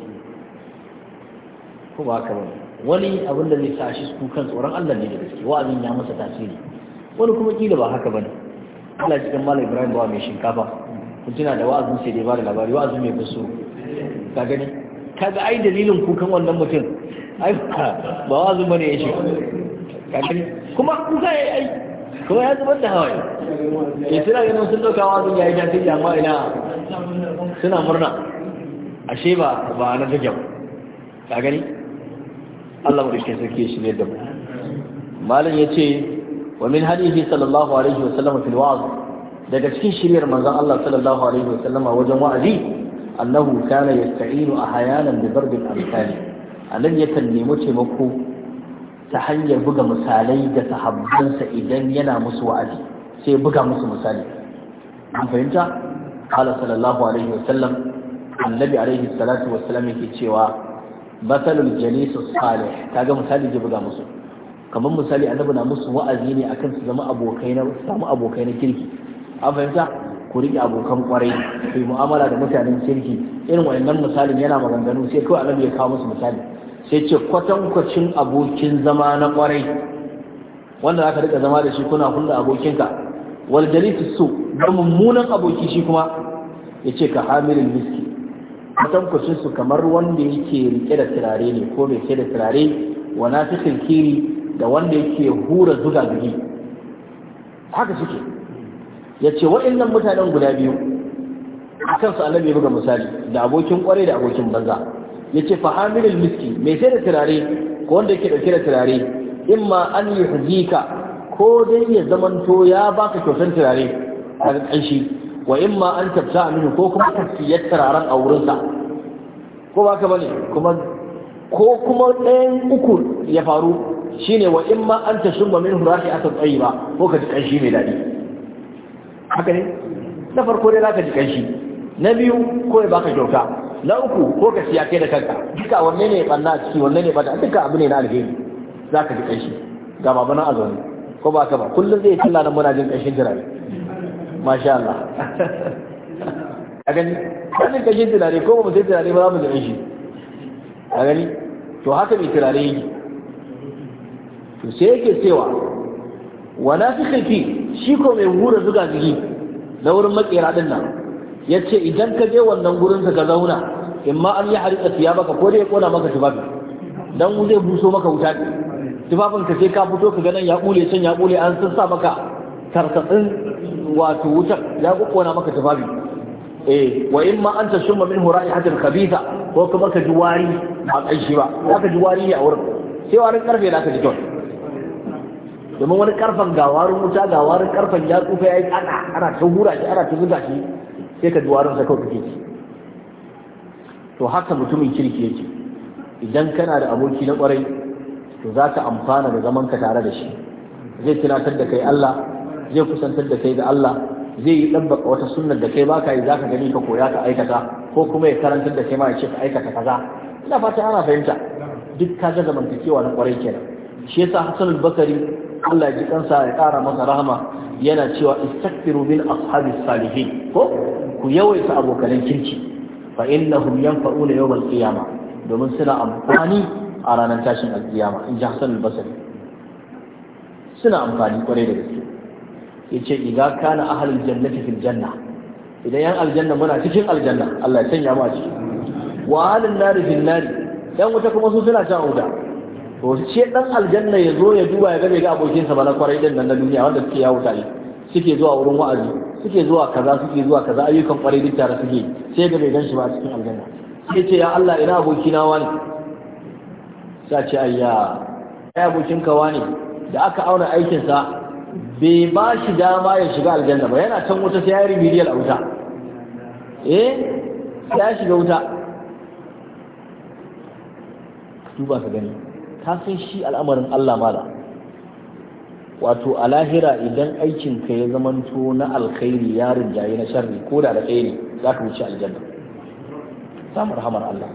ko ba haka bane wani abin da zai sa shi su kan tsoron Allah ne da gaske wa'azin ya masa tasiri wani kuma kila ba haka bane Allah ya cikin Malam Ibrahim ba mai shinkafa kun tuna da wa'azin sai dai ba da labari wa'azin mai kusu ka gani kaga ai dalilin kukan wannan mutum ai ba wa'azin bane ya shi ka gani kuma kuka ya ai kuma ya zubar da hawaye ya suna ganin sun dauka wa'azin ya yi tasiri amma ina suna murna ashe ba ba na gajawa ka gani Allah madaukakin sarki ya shirye da mu malam yace wa min hadihi sallallahu alaihi wasallam fil wa'z daga cikin shiriyar manzon Allah sallallahu alaihi wasallam wajen wa'azi annahu kana yasta'inu ahyanan bi darb al-amsal annabi yakan nemi taimako ta hanyar buga misalai da sahabbansa idan yana musu wa'azi sai buga musu misali an fahimta qala sallallahu alaihi wasallam annabi alaihi salatu wasallam yake cewa masalul jalisu salih kaga misali ji buga musu kamar misali annabi na musu wa'azi ne akan su zama abokai na samu abokai na kirki an fahimta ku riƙe abokan kwarai ku yi mu'amala da mutanen kirki irin wannan misalin yana maganganu sai kawai annabi ya kawo musu misali sai ce kwatankwacin abokin zama na kwarai wanda zaka rika zama da shi kuna hulɗa abokinka wal jalisu su ga mummunan aboki shi kuma ya ce ka hamilin miski kwatankwacin su kamar wanda yake rike da turare ne ko mai sai da turare wa fi kiri da wanda yake hura zuga zugi haka suke ya ce waɗannan mutanen guda biyu a kansu annabi ya buga misali da abokin kwarai da abokin banza ya ce fahamilin miski mai sai da turare ko wanda yake ɗauke da turare In ma an yi ko dai ya zamanto ya baka kyautar turare a ƙanshi wa in ma an tabta Aminu ko kuma ka siyar turaren a wurinsa ko ba ka bane kuma ko kuma ɗayan uku ya faru shine wa in ma an ba tashumma minhu rafi'atan ba ko ka ji ƙanshi mai daɗi haka ne na farko dai zaka ji ƙanshi na biyu ko ya baka kyauta na uku ko ka siya kai da kanka duka wanne ne a ciki wanne ne bada duka abu ne na alheri za ka ji kanshi ga babana a zaune ko ba ka ba kullum zai talla nan muna jin kanshin jirage masha Allah <laughs> a gani kanin kashin tunani ko ba mu sai tunani ba za mu zama shi a gani to haka mai tunani yake to sai yake cewa wala fi kafi shi ko mai hura zuga jiki na wurin makera din nan ya ce idan ka je wannan gurinsa ka zauna in ma an yi harika siya baka ko dai ya kona maka tufafi dan zai buso maka wuta tufafin ka sai ka fito ka ganin ya kule can ya kule an sassa maka tartatsin wato wutar ya kokona maka tufafi eh wa in ma anta shumma minhu ra'ihatul khabitha ko kuma ka ji wari ba kai shi ba za ka ji wari ne a wurin sai warin karfe da ka ji kyau domin wani karfen ga warin wuta ga warin karfen ya tsufa ya yi tsada ana ta hura shi ana ta zuga shi sai ka ji warin sa kawai kake ci to haka mutumin kirki yake idan kana da aboki na kwarai to za ka amfana da zaman ka tare da shi zai tunatar da kai Allah zai kusantar da kai ga Allah zai yi ɗabbaka wata sunnar da kai baka yi zaka gani ka koya ka aikata ko kuma ya karantar da kai ma ya ce ka aikata kaza ina fata ana fahimta duk ka ga zamantakewa na kwarai kenan shi yasa Hassan bakari Allah ya ji kansa ya ƙara masa rahama yana cewa istakbiru min ashabis salihin ko ku yawaita abokanan kirki fa innahum yanfa'una yawm al-qiyama domin suna amfani a ranar tashin al in ji Hassan al-Basri suna amfani kwarai da gaske yace iga kana ahalin jannati fil janna idan yan aljanna muna cikin aljanna Allah ya sanya mu a ciki wa ahlun nari fil nari Dan wuta kuma su suna can wuta to ce dan aljanna ya zo ya duba ya ga ga abokin sa ba na kwarai din nan na duniya wanda suke yawo tare suke zuwa wurin wa'azi suke zuwa kaza suke zuwa kaza ayyukan kwarai duk tare suke sai ga bai gan shi ba a cikin aljanna sai ce ya Allah ina abokina wani sai ce ayya ai abokin ka wani da aka auna aikinsa bai ba shi dama ya shiga aljanna ba yana can wuta sai ya yi a wuta eh ya shiga wuta duba ka gani ka san shi al'amarin Allah mala wato a lahira idan aikin ka ya zamanto na alkhairi ya rinjaye na sharri ko da da ɗaya za ka wuce aljanna samun rahamar Allah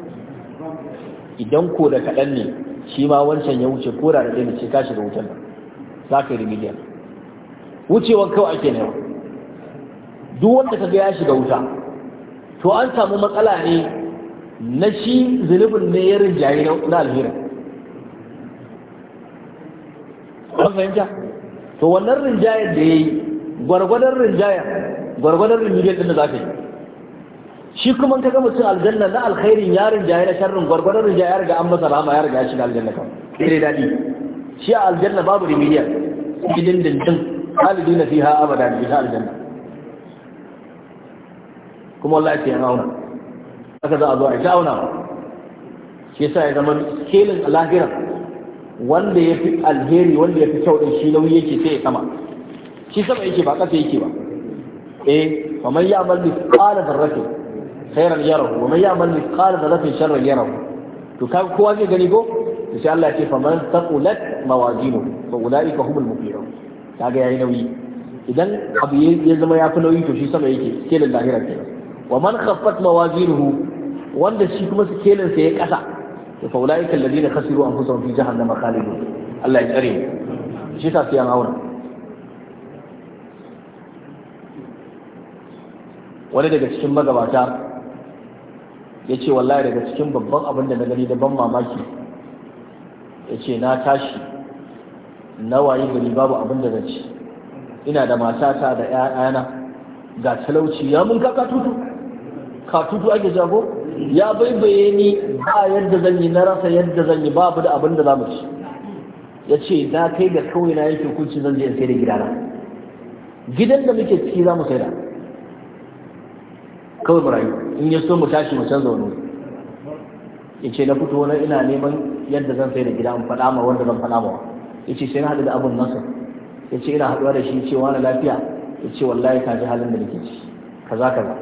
idan ko da kaɗan ne shi ma wancan ya wuce ko da da ɗaya ne ce ka shiga wutan za ka yi remedial wucewar kawai ake nema duk wanda ka gaya ya shiga wuta to an samu matsala ne na shi zunubin ne ya rinjaye na alherin an fahimta to wannan rinjayen da ya yi gwargwadon rinjayen gwargwadon rinjayen din da za ka yi shi kuma ka ga mutum aljanna na alkhairin ya rinjaye na sharrin gwargwadon rinjaye ya riga an masa rama ya riga ya shiga aljanna kan sai daɗi shi a aljanna babu remedial idin dindin khalidina fiha abadan bi aljanna kuma wallahi sai an auna aka za a zo a ta auna shi yasa ya zama kelin lahira wanda ya fi alheri wanda ya fi kyau din shi nauyi yake sai ya sama shi sama yake ba kasa yake ba eh kamar ya amal misqala dharratin khairan yarahu wa man ya'mal misqala dharratin sharran yarahu to kaga kowa zai gani ko insha Allah ya ce fa faman taqulat mawazinu fa ulaika humul muflihun kaga yayi nauyi idan abu ya zama ya fi nauyi to shi sama yake kelin lahira ke wa man khaffat mawazinuhu wanda shi kuma kelin sa ya kasa to fa ulaika alladhina khasiru anfusahum fi jahannam khalidun Allah ya tsare shi ta siyan an wani daga cikin magabata ya ce wallahi daga cikin babban abin da na gani da ban mamaki ya ce na tashi na waye gari babu abin da zan ci ina da matata da ƴaƴana ga talauci ya mun ka katutu katutu ake jago ya baibaye ni ba yadda zan yi na rasa yadda zan yi babu da abin da za mu ci ya ce na kai da kawai na yake kunci zan je in sai da gidana gidan da muke ciki za mu sai da kawai mu rayu in ya so mu tashi mu canza wani ya ce na fito wani ina neman yadda zan sai da gida in faɗa ma wanda zan faɗa ma wa yace sai na haɗu da abun nasar yace ina haɗuwa da shi yace wani lafiya yace wallahi ka ji halin da nake ci kaza kaza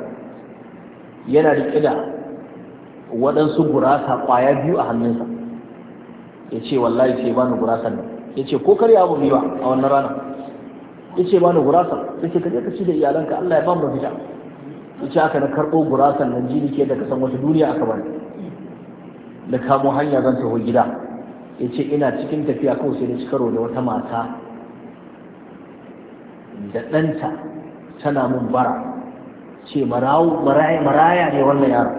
yana riƙe da waɗansu gurasa ƙwaya biyu a hannunsa yace wallahi sai bani gurasan nan yace ko karya abu biyu a wannan rana yace bani gurasan yace ka je ka ci da iyalanka Allah ya ba mu fita yace haka na karɓo gurasan nan jini ke da kasan wata duniya aka bani da kamo hanya zan taho gida ya ce ina cikin tafiya ko sai na cikaro da wata mata da ɗanta tana mun bara ce maraya ne wannan yaro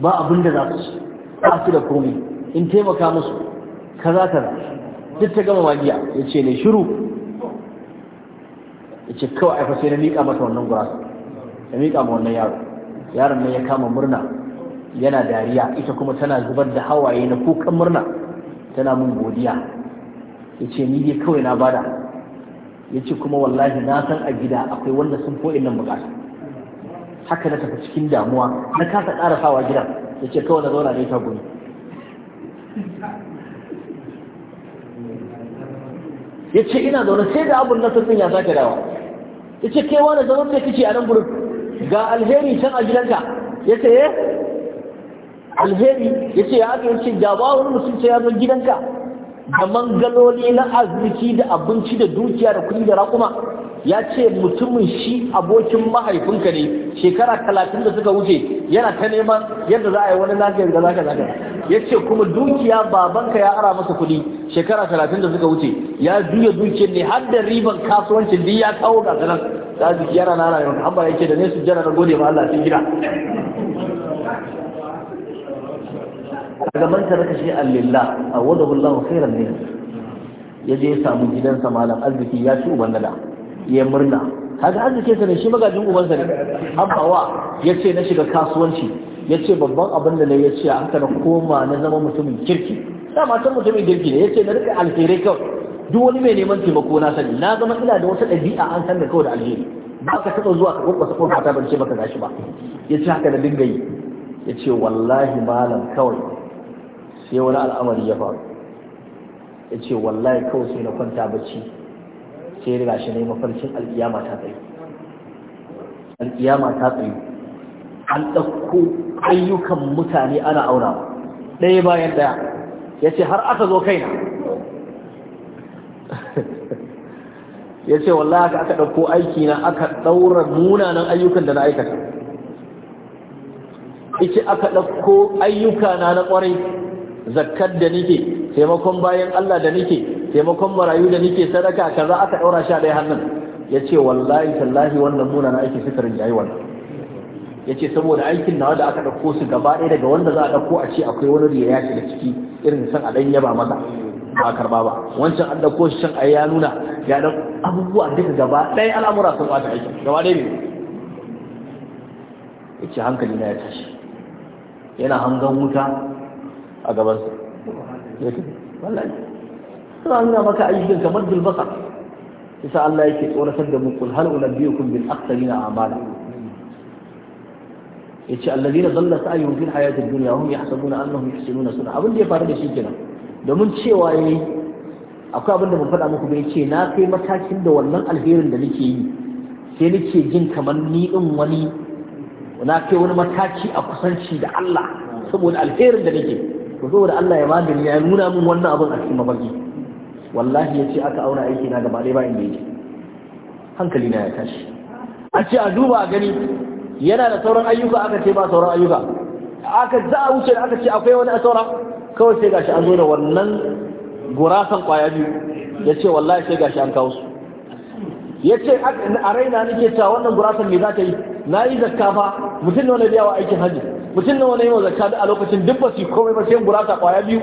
ba abin da za su ci ba su da komai in taimaka musu ka za ta duk ta gama magiya ya ce ne shiru ya ce kawai aifa sai na miƙa mata wannan gurasa ya miƙa ma wannan yaro yaron nan ya kama murna yana dariya ita kuma tana zubar da hawaye na kukan murna tana mun godiya ya ce ni dai kawai na bada ya ce kuma wallahi na san a gida akwai wanda sun fo'in nan bukata haka na tafi cikin damuwa na kasa ƙara sawa gidan ya ce kawai na zauna ne ta guri ya ce ina zaune sai da abun na sassan ya sake dawa ya ce kewa da zaune sai kici a nan gurin ga alheri can a gidanka ya ce eh? alheri ya ce ya zo yace da ba wani ya zo gidanka da mangaloli na arziki da abinci da dukiya da kuɗi da raƙuma ya ce mutumin shi abokin mahaifinka ne shekara talatin da suka wuce yana ta neman yadda za a yi wani naka yadda za zaka ya ce kuma dukiya babanka ya ara masa kuɗi shekara talatin da suka wuce ya juya dukiyar ne har da riban kasuwancin duk ya kawo gasa nan da arziki yana na rayuwa amma ya ce da ne su jana na gode ma Allah sun gida daga ka taraka shi a awadahu Allah khairan ne. ya je ya samu gidansa malam arziki ya ci uban nada ya murna kaga arzikin sa ne shi magajin ubansa ne Ya yace na shiga kasuwanci ce babban abin da ya yace haka na koma na zama mutumin kirki dama san mutumin kirki ne ce na rika alherai kawai duk wani mai neman taimako na sani na zama ina da wata ɗabi'a an san da kawai da alheri ba ka taɓa zuwa ka kwakwasa ko fata ban ce baka gashi ba ce haka na dinga yi yace wallahi malam kawai sai wani al'amari ya faru ya ce wallahi kawai sai na kwanta bacci sai riga shi na yi mafarkin alkiyama ta tsaye alkiyama ta tsaye an ɗauko ayyukan mutane ana auna ɗaya bayan ɗaya ya ce har aka zo kaina <laughs> ya ce wallahi aka aka ɗauko aiki na aka ɗaura munanan ayyukan da na aikata Ya ce aka ɗauko ayyuka na na ƙwarai zakkar da nike, taimakon bayan Allah da nike, taimakon marayu da nike, sadaka kaza aka daura ɗaura ɗaya hannun Ya ce, wallahi tallahi wannan muna na aiki sikarin yayi wannan ce saboda aikin nawa da aka ɗauko su gaba ɗaya daga wanda za a dauko a ce akwai wani riya ya da ciki irin san a ɗanya ba masa ba a karɓa ba wancan an ɗauko shi can ai ya nuna ya ɗan abubuwa duka gaba ɗaya al'amura sun ɓata aikin gaba ɗaya ne ce hankali na ya tashi yana hangan wuta a gabansu wallahi an nuna maka ayyukan kamar dulbasa isa Allah yake tsoratar da mu kul hal unabiyukum bil aktharina amala yace alladhina dhalla sa'yuhum fil hayati sabu dunya Allah yahsabuna annahum yuhsinuna sun'a abin da ya faru da shi kenan domin cewa yi akwai abin da ban faɗa muku bai ce na kai matakin da wannan alherin da nake yi sai nake jin kamar ni din wani na kai wani mataki a kusanci da Allah saboda alherin da nake yi to saboda Allah ya magani ya nuna min wannan abin a cikin mafarki wallahi ya ce aka auna aiki na gaba ɗaya ba inda yake hankali na ya tashi a ce a duba a gani yana da sauran ayyuka aka ce ba sauran ayyuka aka za a wuce da aka ce akwai wani a saura kawai sai gashi an zo da wannan gurasan kwaya biyu ya ce wallahi sai gashi an kawo su ya ce a raina nake cewa wannan gurasan me za ta yi na yi zakka fa mutum ne wanda biya wa aikin hajji mutum nawa ne yau zakka a lokacin duk ba su komai ba sai gurasa kwaya biyu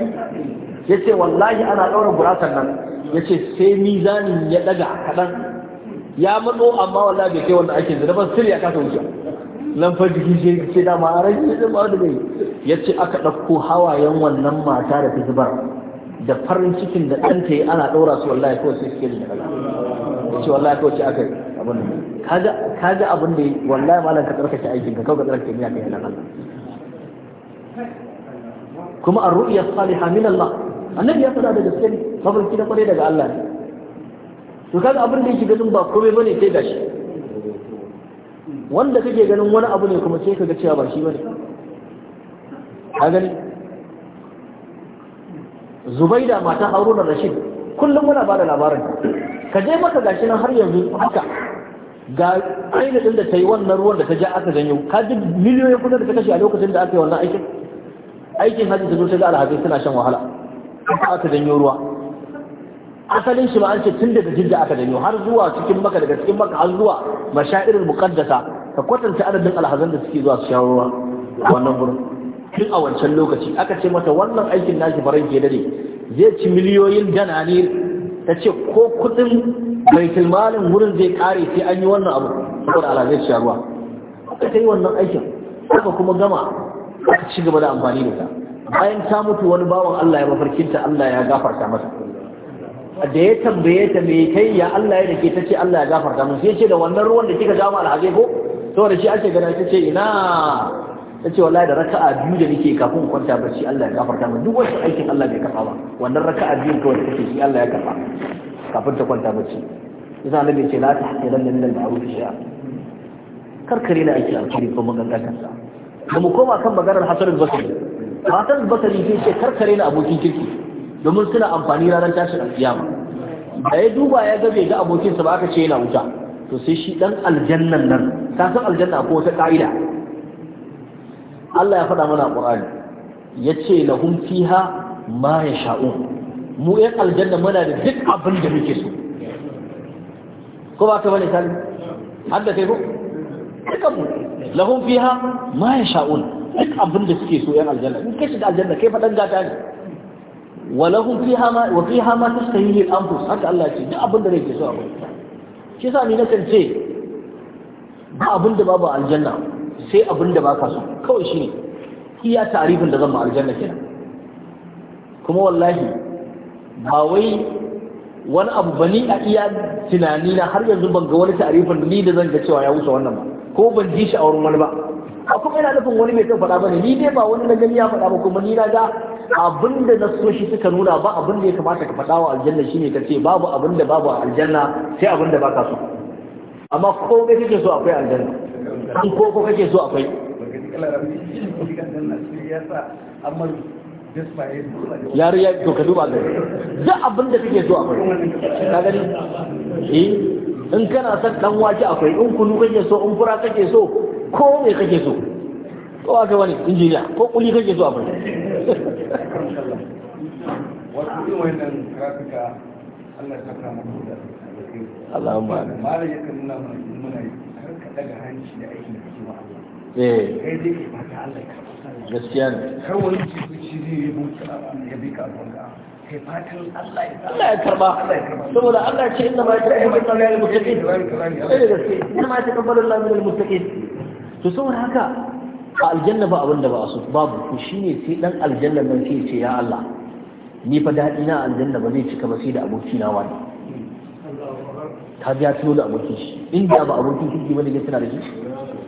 ya ce wallahi ana ɗaura gurasan nan ya ce sai mizanin ya ɗaga kaɗan ya matso amma wallahi bai kai wanda ake zira ba sirri ya kasa wuce lamfar jiki ce da ma rai ne da ba da bai ya ce aka ɗauko hawayen wannan mata da ta zubar da farin cikin da ta yi ana ɗaura su wallahi kawai sai suke da ya ce wallahi kawai ce aka yi abin da kaga abin da wallahi malam ka tsarkake aikin ka kawai ka tsarkake miya ka yi kuma a ruya salihah min Allah annabi ya faɗa da gaske ne mafarki na kware daga Allah ne to kaga abin da yake ganin ba komai bane sai gashi wanda kake ganin wani abu ne kuma sai kaga cewa ba shi bane ka gani Zubaida mata Haruna Rashid kullum muna bada labarin ka je maka gashi nan har yanzu haka ga ainihin da ta yi wannan ruwan da ta ja aka janyo ka ji miliyoyin kudin da ta kashe a lokacin da aka yi wannan aikin aikin hajji da zuwa ga alhaji suna shan wahala aka janyo ruwa asalin shi ba an ce tun daga da aka janyo har zuwa cikin maka daga cikin maka har zuwa mashairin muqaddasa ka kwatanta adadin alhazan da suke zuwa su sha ruwa wannan gurin tun a wancan lokaci aka ce mata wannan aikin nashi faran ke dade zai ci miliyoyin danani ta ce ko kudin baitul malin wurin zai kare sai an yi wannan abu saboda alhazai sha ruwa aka ta yi wannan aikin aka kuma gama aka ci gaba da amfani da ta bayan ta mutu wani bawan Allah ya mafarkinta Allah ya gafarta masa da ya tambaye ta me kai ya Allah ya ta ce Allah ya gafarta mun sai ce da wannan ruwan da kika ja mu alhaji ko saboda shi ake gana ce ina Ta tace wallahi da raka'a biyu da nake kafin kwanta barci Allah ya gafarta mun duk wasu aikin Allah bai kafa ba wannan raka'a biyu kawai take shi Allah ya kafa kafin ta kwanta barci yasa annabi ce la tahqiranna min al-ma'ruf shay'a karkare na aiki alkhairi ko magangantar sa da mu koma kan maganar hasan basri hasan basri zai ce karkare na abokin kirki domin suna amfani ranar tashin alkiyama da ya duba ya ga bai ga abokinsa ba aka ce yana wuta to sai shi dan aljannan nan ka san aljanna ko wata ka'ida Allah ya faɗa mana a Qur'ani yace lahum fiha ma yasha'un mu 'yan aljanna muna da duk abin da muke so ko ba ka bane salim har kai ko duka mu lahum fiha ma yasha'un duk abin da suke so yan aljanna in kai da aljanna kai fadan gata ne wa lahum fiha ma wa fiha ma tastahihi al-anfus haka Allah ce duk abin da yake so akwai shi yasa ni na kan ce ba abin da babu aljanna sai abin da baka so kawai shi ne, iya tarifin da zan ma aljanna kenan kuma wallahi ba wai wani abu bane a iya tunani na har yanzu ban ga wani tarifin ni da zan ga cewa ya wuce wannan ba ko ban ji shi a wurin wani ba a kuma yana nufin wani mai kan faɗa ba ne. ni dai ba wani na gani ya faɗa ba kuma ni na ga abin da na so shi suka nuna ba abin da ya kamata ka faɗa wa aljanna shine ka ce babu abin da babu aljanna sai abin da baka so amma ko kai kake so akwai aljanna in ko ko kake so akwai yaro ya to ka duba gari za abin da kake so akwai ka gani eh in kana son dan wake akwai in kunu kake so in fura kake so ko me kake so ko aka wani injiniya ko kuli kake so abin Allah ta kama ya kan nuna ka daga hanci da da Allah eh. Allah ya karba saboda Allah ce inna ma ya karba Allah ya mutaqin sai da gaske inna ma ya karba Allah min al-mutaqin to saboda haka a aljanna ba abinda ba su babu ku shine sai dan aljanna nan sai ce ya Allah ni fa daɗi na aljanna ba zai cika ba sai da aboki na wani ta biya tuno da aboki shi inda ba abokin kiki bane ya tana da shi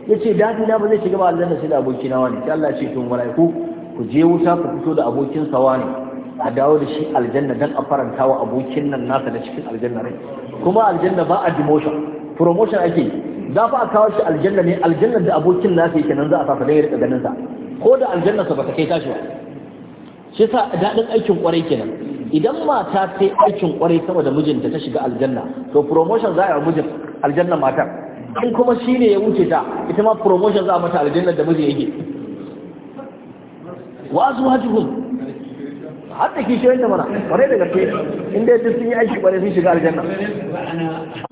yace daɗi na ba zai shiga ba aljanna sai da aboki na wani sai Allah ya ce to malaiku ku je wuta ku fito da abokin sawa ne a dawo da shi aljanna don a faranta wa abokin nan nasa da cikin aljanna rai kuma aljanna ba a demotion promotion ake za fa a kawo shi aljanna ne aljanna da abokin nasa yake nan za a sasa dan ya rika ganin sa ko da aljanna sa bata kai tashi ba shi yasa dadin aikin kwarai kenan idan mata ta yi aikin kwarai saboda mijinta ta shiga aljanna to promotion za a yi wa mijin aljanna matar in kuma shi ne ya wuce ta ita ma promotion za a mata aljanna da miji yake wa azwajuhum har da kishiyoyin da mana kwarai da gaske in dai duk sun yi aiki kwarai sun shiga aljanna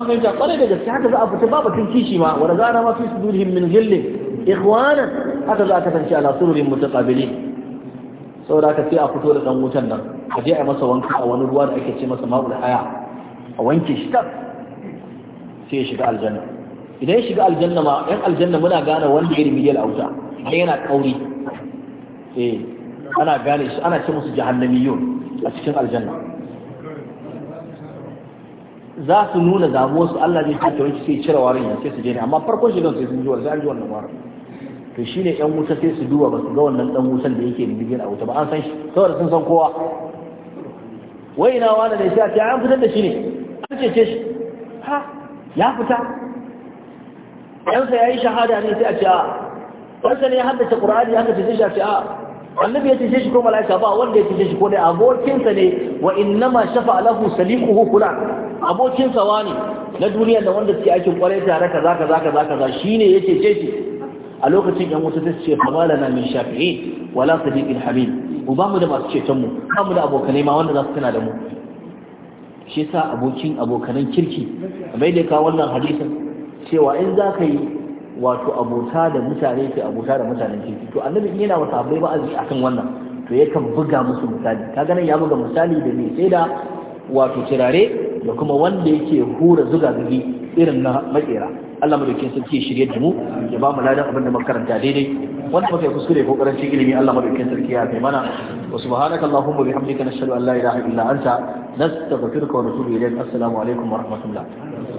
an ga kwarai da gaske haka za a fita ba batun kishi ma wa razana ma fi su sudurihim min ghillin ikhwanan haka za a kasance ala sururin mutaqabilin saboda ka sai a fito da dan wutan nan a je a masa wanka a wani ruwa da ake ce masa ma'ul haya a wanke shi ta sai ya shiga aljanna idan ya shiga aljanna ma yan aljanna muna gane wanda ya rimiyal auta dan yana kauri eh ana gane shi ana ce musu jahannamiyun a cikin aljanna za su nuna damuwar Allah zai ce wanki sai cire warin ya sai su je ne amma farkon shigan sai sun ji wani sai ji wannan warin to shine yan wuta sai su duba ba su ga wannan dan wutan da yake bibiyar a wuta ba an san shi saboda sun san kowa wai ina wani ne sai a ce an fitar da shi ne an cece shi ha ya fita yansa ya yi shahada ne sai a ce a ɗansa ne ya haddace ƙur'ani ya haddace shi a ce a annabi ya tishe shi ko mala'ika ba wanda ya tishe shi ko dai abokinsa ne wa innama shafa lahu saliquhu fulan abokinsa wani na duniya da wanda suke aikin kwarai tare kaza kaza kaza kaza shine ya ce shi a lokacin yan wasu ta ce famala na min shafi'in wala sadiqil habib mu ba mu da masu ceton mu ba mu da abokanai ma wanda za su tana da mu shi yasa abokin abokanan kirki bai da ka wannan hadisin cewa in za ka yi wato abota da mutane ke abota da mutane ke to annabi yana wa sahabbai ba'azi akan wannan to yakan buga musu misali kaga nan ya buga misali da mai sai da wato turare da kuma wanda yake hura zuga zugi irin na makera Allah madaukin sarki ya shirye da mu ya ba mu ladan abin da makaranta daidai wanda muka kuskure ko karanci ilimi Allah madaukin sarki ya kai mana wa subhanaka allahumma bihamdika nashhadu an la ilaha illa anta nastaghfiruka wa natubu ilayk assalamu alaikum wa rahmatullah